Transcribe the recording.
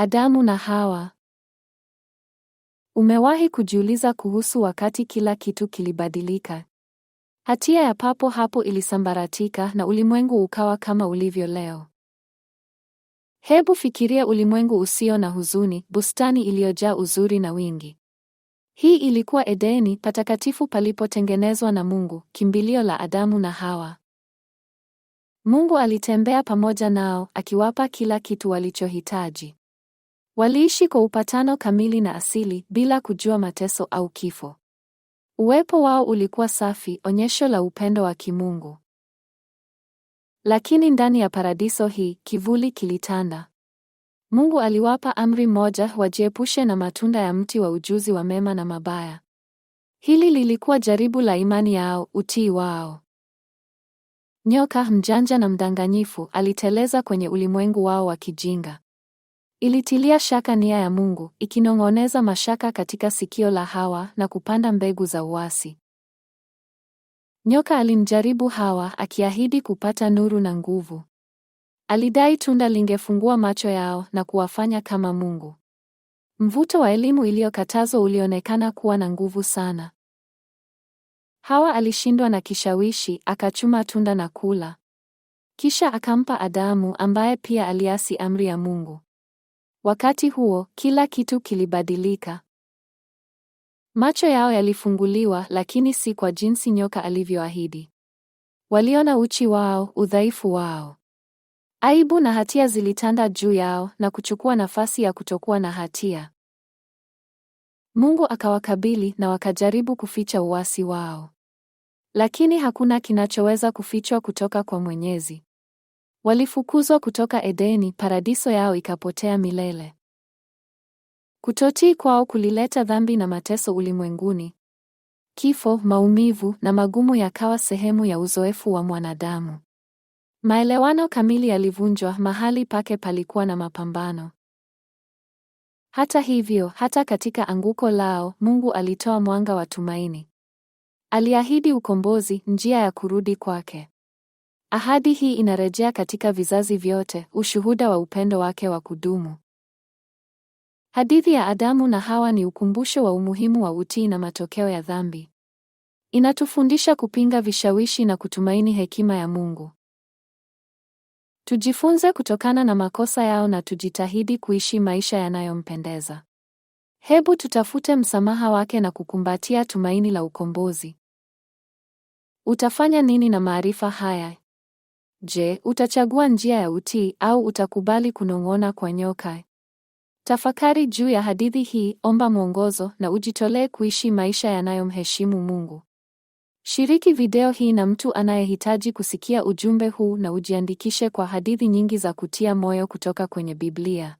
Adamu na Hawa. Umewahi kujiuliza kuhusu wakati kila kitu kilibadilika? Hatia ya papo hapo ilisambaratika na ulimwengu ukawa kama ulivyo leo. Hebu fikiria ulimwengu usio na huzuni, bustani iliyojaa uzuri na wingi. Hii ilikuwa Edeni, patakatifu palipotengenezwa na Mungu, kimbilio la Adamu na Hawa. Mungu alitembea pamoja nao, akiwapa kila kitu walichohitaji. Waliishi kwa upatano kamili na asili bila kujua mateso au kifo. Uwepo wao ulikuwa safi, onyesho la upendo wa kimungu. Lakini ndani ya paradiso hii kivuli kilitanda. Mungu aliwapa amri moja, wajiepushe na matunda ya mti wa ujuzi wa mema na mabaya. Hili lilikuwa jaribu la imani yao, utii wao. Nyoka mjanja na mdanganyifu aliteleza kwenye ulimwengu wao wa kijinga. Ilitilia shaka nia ya Mungu, ikinong'oneza mashaka katika sikio la Hawa na kupanda mbegu za uasi. Nyoka alimjaribu Hawa akiahidi kupata nuru na nguvu. Alidai tunda lingefungua macho yao na kuwafanya kama Mungu. Mvuto wa elimu iliyokatazwa ulionekana kuwa na nguvu sana. Hawa alishindwa na kishawishi, akachuma tunda na kula. Kisha akampa Adamu ambaye pia aliasi amri ya Mungu. Wakati huo, kila kitu kilibadilika. Macho yao yalifunguliwa, lakini si kwa jinsi nyoka alivyoahidi. Waliona uchi wao, udhaifu wao. Aibu na hatia zilitanda juu yao na kuchukua nafasi ya kutokuwa na hatia. Mungu akawakabili na wakajaribu kuficha uasi wao. Lakini hakuna kinachoweza kufichwa kutoka kwa Mwenyezi. Walifukuzwa kutoka Edeni, paradiso yao ikapotea milele. Kutotii kwao kulileta dhambi na mateso ulimwenguni. Kifo, maumivu na magumu yakawa sehemu ya uzoefu wa mwanadamu. Maelewano kamili yalivunjwa, mahali pake palikuwa na mapambano. Hata hivyo, hata katika anguko lao, Mungu alitoa mwanga wa tumaini. Aliahidi ukombozi, njia ya kurudi kwake. Ahadi hii inarejea katika vizazi vyote, ushuhuda wa upendo wake wa kudumu. Hadithi ya Adamu na Hawa ni ukumbusho wa umuhimu wa utii na matokeo ya dhambi. Inatufundisha kupinga vishawishi na kutumaini hekima ya Mungu. Tujifunze kutokana na makosa yao na tujitahidi kuishi maisha yanayompendeza. Hebu tutafute msamaha wake na kukumbatia tumaini la ukombozi. Utafanya nini na maarifa haya? Je, utachagua njia ya utii au utakubali kunong'ona kwa nyoka? Tafakari juu ya hadithi hii, omba mwongozo na ujitolee kuishi maisha yanayomheshimu Mungu. Shiriki video hii na mtu anayehitaji kusikia ujumbe huu na ujiandikishe kwa hadithi nyingi za kutia moyo kutoka kwenye Biblia.